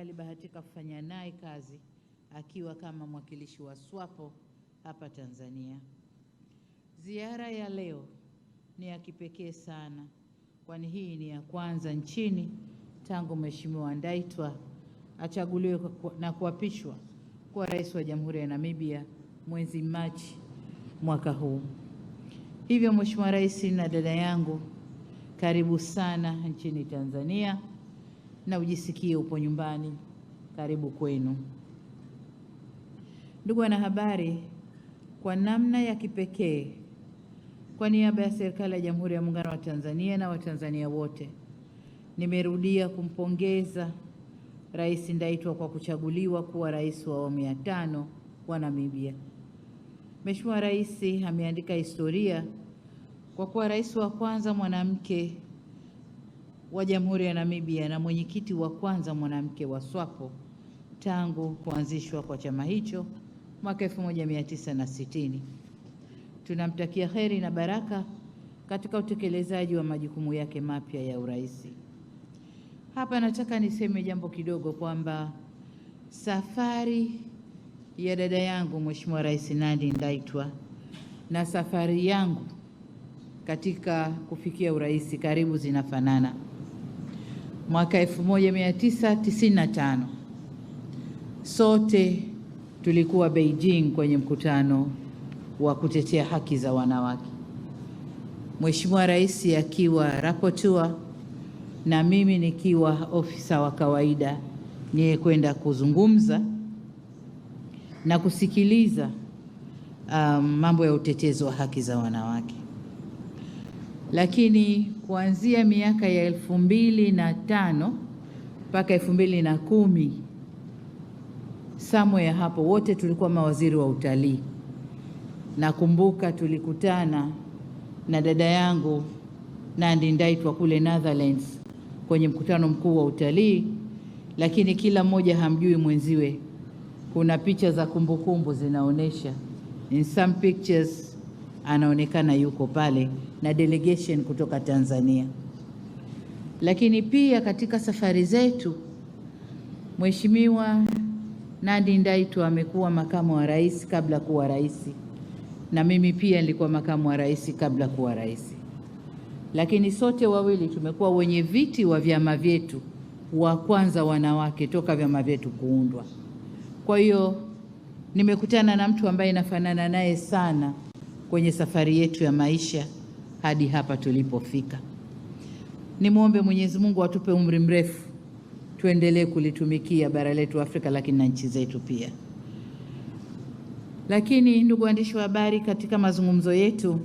ambaye alibahatika kufanya naye kazi akiwa kama mwakilishi wa SWAPO hapa Tanzania. Ziara ya leo ni ya kipekee sana, kwani hii ni ya kwanza nchini tangu Mheshimiwa Ndaitwa achaguliwe na kuapishwa kuwa rais wa Jamhuri ya Namibia mwezi Machi mwaka huu. Hivyo Mheshimiwa Rais na dada yangu, karibu sana nchini Tanzania na ujisikie upo nyumbani, karibu kwenu. Ndugu wanahabari, kwa namna ya kipekee, kwa niaba ya serikali ya Jamhuri ya Muungano wa Tanzania na Watanzania wote, nimerudia kumpongeza Rais Ndaitwa kwa kuchaguliwa kuwa rais wa awamu ya tano wa Namibia. Mheshimiwa Rais ameandika historia kwa kuwa rais wa kwanza mwanamke wa Jamhuri ya Namibia na mwenyekiti wa kwanza mwanamke wa SWAPO tangu kuanzishwa kwa chama hicho mwaka 1960. Tunamtakia heri na baraka katika utekelezaji wa majukumu yake mapya ya urais. Hapa nataka niseme jambo kidogo kwamba safari ya dada yangu Mheshimiwa Rais Nandi Ndaitwa na safari yangu katika kufikia urais karibu zinafanana mwaka 1995 sote tulikuwa Beijing kwenye mkutano wa kutetea haki za wanawake, Mheshimiwa Rais akiwa rapporteur na mimi nikiwa ofisa wa kawaida niye kwenda kuzungumza na kusikiliza um, mambo ya utetezi wa haki za wanawake lakini kuanzia miaka ya elfu mbili na tano mpaka elfu mbili na kumi somewhere hapo, wote tulikuwa mawaziri wa utalii. Nakumbuka tulikutana na dada yangu Nandi Ndaitwa kule Netherlands kwenye mkutano mkuu wa utalii, lakini kila mmoja hamjui mwenziwe. Kuna picha za kumbukumbu zinaonyesha in some pictures anaonekana yuko pale na delegation kutoka Tanzania. Lakini pia katika safari zetu, Mheshimiwa Nandi Ndaitwah amekuwa makamu wa rais kabla kuwa rais, na mimi pia nilikuwa makamu wa rais kabla kuwa rais, lakini sote wawili tumekuwa wenye viti wa vyama vyetu wa kwanza wanawake toka vyama vyetu kuundwa. Kwa hiyo nimekutana na mtu ambaye nafanana naye sana kwenye safari yetu ya maisha hadi hapa tulipofika. Nimwombe Mwenyezi Mungu atupe umri mrefu, tuendelee kulitumikia bara letu Afrika, lakini na nchi zetu pia. Lakini ndugu waandishi wa habari, katika mazungumzo yetu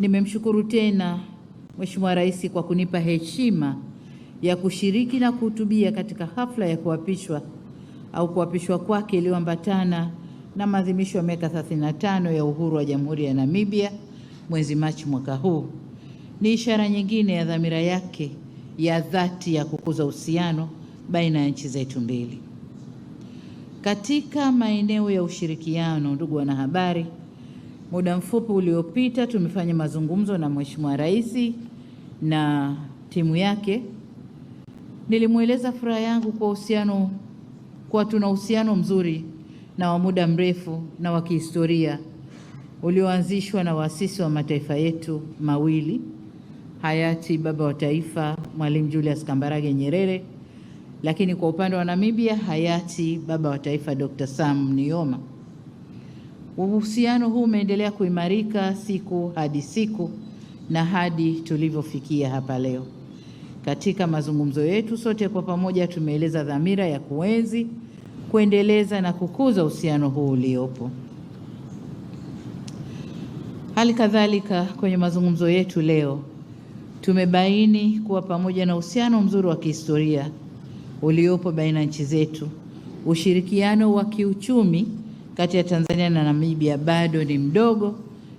nimemshukuru tena Mheshimiwa Rais kwa kunipa heshima ya kushiriki na kuhutubia katika hafla ya kuapishwa au kuapishwa kwake iliyoambatana na maadhimisho ya miaka 35 ya uhuru wa Jamhuri ya Namibia mwezi Machi mwaka huu ni ishara nyingine ya dhamira yake ya dhati ya kukuza uhusiano baina ya nchi zetu mbili. Katika maeneo ya ushirikiano, ndugu wanahabari, muda mfupi uliopita tumefanya mazungumzo na Mheshimiwa Rais na timu yake. Nilimweleza furaha yangu kwa uhusiano, kwa tuna uhusiano mzuri na wa muda mrefu na wa kihistoria ulioanzishwa na waasisi wa mataifa yetu mawili hayati baba wa taifa Mwalimu Julius Kambarage Nyerere, lakini kwa upande wa Namibia hayati baba wa taifa Dr. Sam nioma Uhusiano huu umeendelea kuimarika siku hadi siku na hadi tulivyofikia hapa leo. Katika mazungumzo yetu sote kwa pamoja tumeeleza dhamira ya kuenzi kuendeleza na kukuza uhusiano huu uliopo. Hali kadhalika, kwenye mazungumzo yetu leo tumebaini kuwa pamoja na uhusiano mzuri wa kihistoria uliopo baina ya nchi zetu, ushirikiano wa kiuchumi kati ya Tanzania na Namibia bado ni mdogo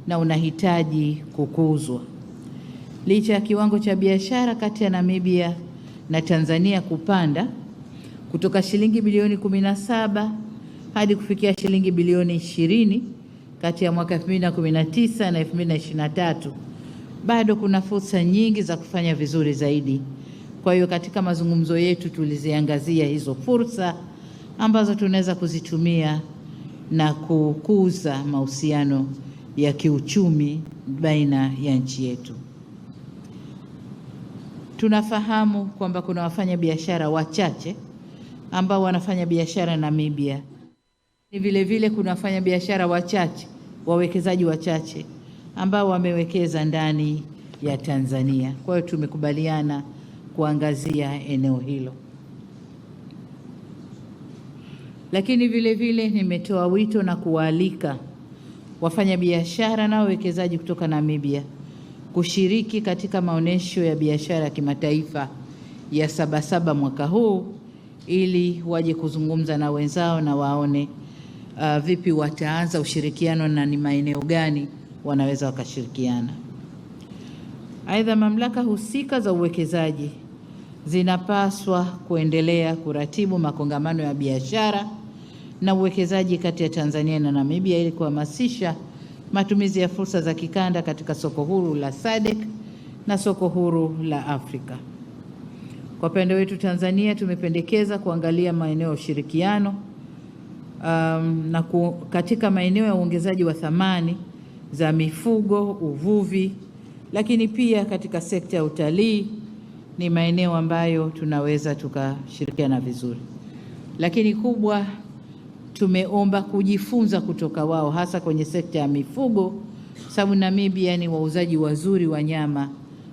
na unahitaji kukuzwa. Licha ya kiwango cha biashara kati ya Namibia na Tanzania kupanda kutoka shilingi bilioni 17 hadi kufikia shilingi bilioni 20 kati ya mwaka 2019 na 2023. Bado kuna fursa nyingi za kufanya vizuri zaidi. Kwa hiyo katika mazungumzo yetu tuliziangazia hizo fursa ambazo tunaweza kuzitumia na kukuza mahusiano ya kiuchumi baina ya nchi yetu. Tunafahamu kwamba kuna wafanyabiashara wachache ambao wanafanya biashara Namibia. Ni vile vile kuna wafanyabiashara wachache, wawekezaji wachache ambao wamewekeza ndani ya Tanzania. Kwa hiyo tumekubaliana kuangazia eneo hilo, lakini vile vile nimetoa wito na kuwaalika wafanyabiashara na wawekezaji kutoka Namibia kushiriki katika maonyesho ya biashara ya kimataifa ya Sabasaba mwaka huu ili waje kuzungumza na wenzao na waone uh, vipi wataanza ushirikiano na ni maeneo gani wanaweza wakashirikiana. Aidha, mamlaka husika za uwekezaji zinapaswa kuendelea kuratibu makongamano ya biashara na uwekezaji kati ya Tanzania na Namibia ili kuhamasisha matumizi ya fursa za kikanda katika soko huru la SADC na soko huru la Afrika. Kwa upande wetu Tanzania tumependekeza kuangalia maeneo ya ushirikiano um, na ku, katika maeneo ya uongezaji wa thamani za mifugo, uvuvi, lakini pia katika sekta ya utalii ni maeneo ambayo tunaweza tukashirikiana vizuri. Lakini kubwa tumeomba kujifunza kutoka wao hasa kwenye sekta ya mifugo, sababu Namibia ni wauzaji wazuri wa nyama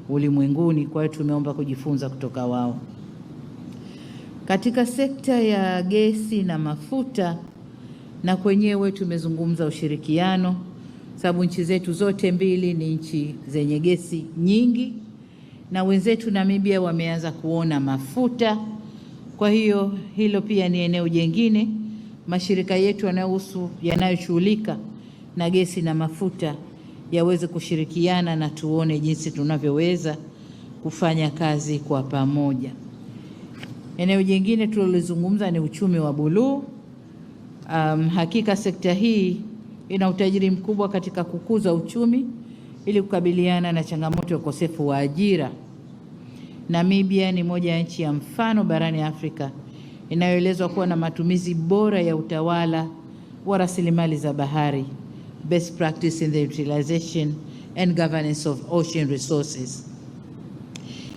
ulimwenguni. Kwa hiyo tumeomba kujifunza kutoka wao. Katika sekta ya gesi na mafuta, na kwenyewe tumezungumza ushirikiano, sababu nchi zetu zote mbili ni nchi zenye gesi nyingi, na wenzetu Namibia wameanza kuona mafuta. Kwa hiyo hilo pia ni eneo jengine, mashirika yetu yanayohusu yanayoshughulika na gesi na mafuta yaweze kushirikiana na tuone jinsi tunavyoweza kufanya kazi kwa pamoja. Eneo jingine tulilozungumza ni uchumi wa buluu. Um, hakika sekta hii ina utajiri mkubwa katika kukuza uchumi ili kukabiliana na changamoto ya ukosefu wa ajira. Namibia ni moja ya nchi ya mfano barani Afrika inayoelezwa kuwa na matumizi bora ya utawala wa rasilimali za bahari best practice in the utilization and governance of ocean resources.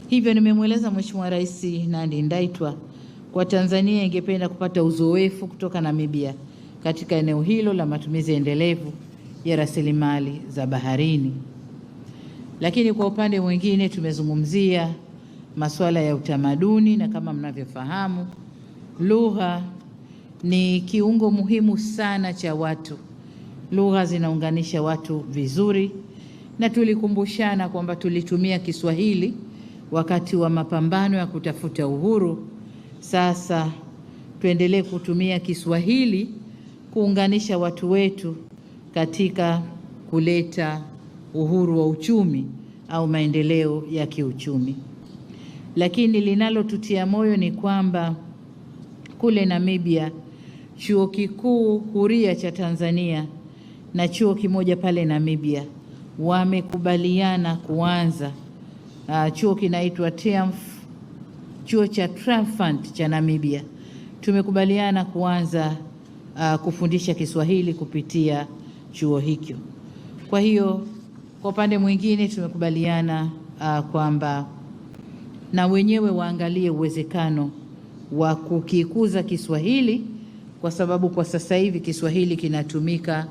Hivyo nimemweleza Mheshimiwa Rais Nandi Ndaitwa kwa Tanzania ingependa kupata uzoefu kutoka Namibia katika eneo hilo la matumizi endelevu ya rasilimali za baharini. Lakini kwa upande mwingine tumezungumzia masuala ya utamaduni, na kama mnavyofahamu, lugha ni kiungo muhimu sana cha watu lugha zinaunganisha watu vizuri, na tulikumbushana kwamba tulitumia Kiswahili wakati wa mapambano ya kutafuta uhuru. Sasa tuendelee kutumia Kiswahili kuunganisha watu wetu katika kuleta uhuru wa uchumi au maendeleo ya kiuchumi. Lakini linalotutia moyo ni kwamba kule Namibia, Chuo Kikuu Huria cha Tanzania na chuo kimoja pale Namibia wamekubaliana kuanza uh, chuo kinaitwa Triumph, chuo cha Triumphant cha Namibia. Tumekubaliana kuanza uh, kufundisha Kiswahili kupitia chuo hicho. Kwa hiyo kwa upande mwingine tumekubaliana uh, kwamba na wenyewe waangalie uwezekano wa kukikuza Kiswahili kwa sababu kwa sasa hivi Kiswahili kinatumika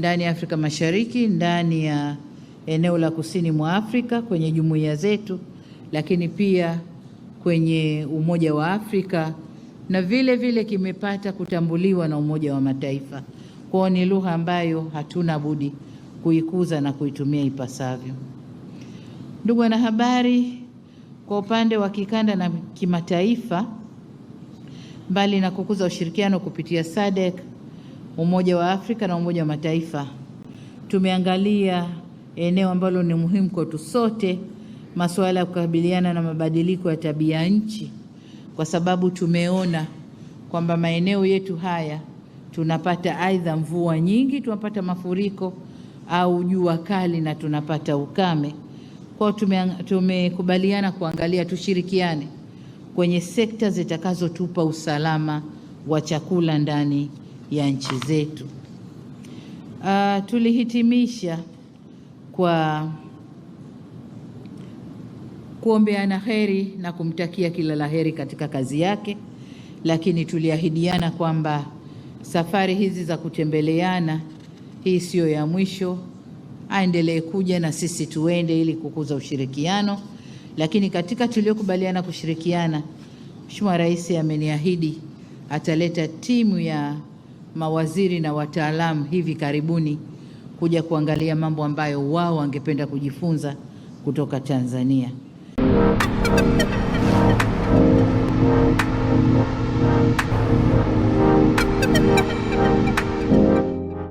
ndani ya Afrika Mashariki, ndani ya eneo la kusini mwa Afrika kwenye jumuiya zetu, lakini pia kwenye Umoja wa Afrika na vile vile kimepata kutambuliwa na Umoja wa Mataifa. Kwao ni lugha ambayo hatuna budi kuikuza na kuitumia ipasavyo. Ndugu wanahabari, kwa upande wa kikanda na kimataifa, mbali na kukuza ushirikiano kupitia SADC e Umoja wa Afrika na Umoja wa Mataifa. Tumeangalia eneo ambalo ni muhimu kwetu sote, masuala ya kukabiliana na mabadiliko ya tabia nchi, kwa sababu tumeona kwamba maeneo yetu haya tunapata aidha mvua nyingi, tunapata mafuriko au jua kali na tunapata ukame. Kwao tumekubaliana kuangalia tushirikiane kwenye sekta zitakazotupa usalama wa chakula ndani ya nchi zetu. Uh, tulihitimisha kwa kuombeana heri na kumtakia kila la heri katika kazi yake, lakini tuliahidiana kwamba safari hizi za kutembeleana hii siyo ya mwisho. Aendelee kuja na sisi tuende ili kukuza ushirikiano, lakini katika tuliokubaliana kushirikiana, Mheshimiwa Rais ameniahidi ataleta timu ya mawaziri na wataalamu hivi karibuni kuja kuangalia mambo ambayo wao wangependa kujifunza kutoka Tanzania.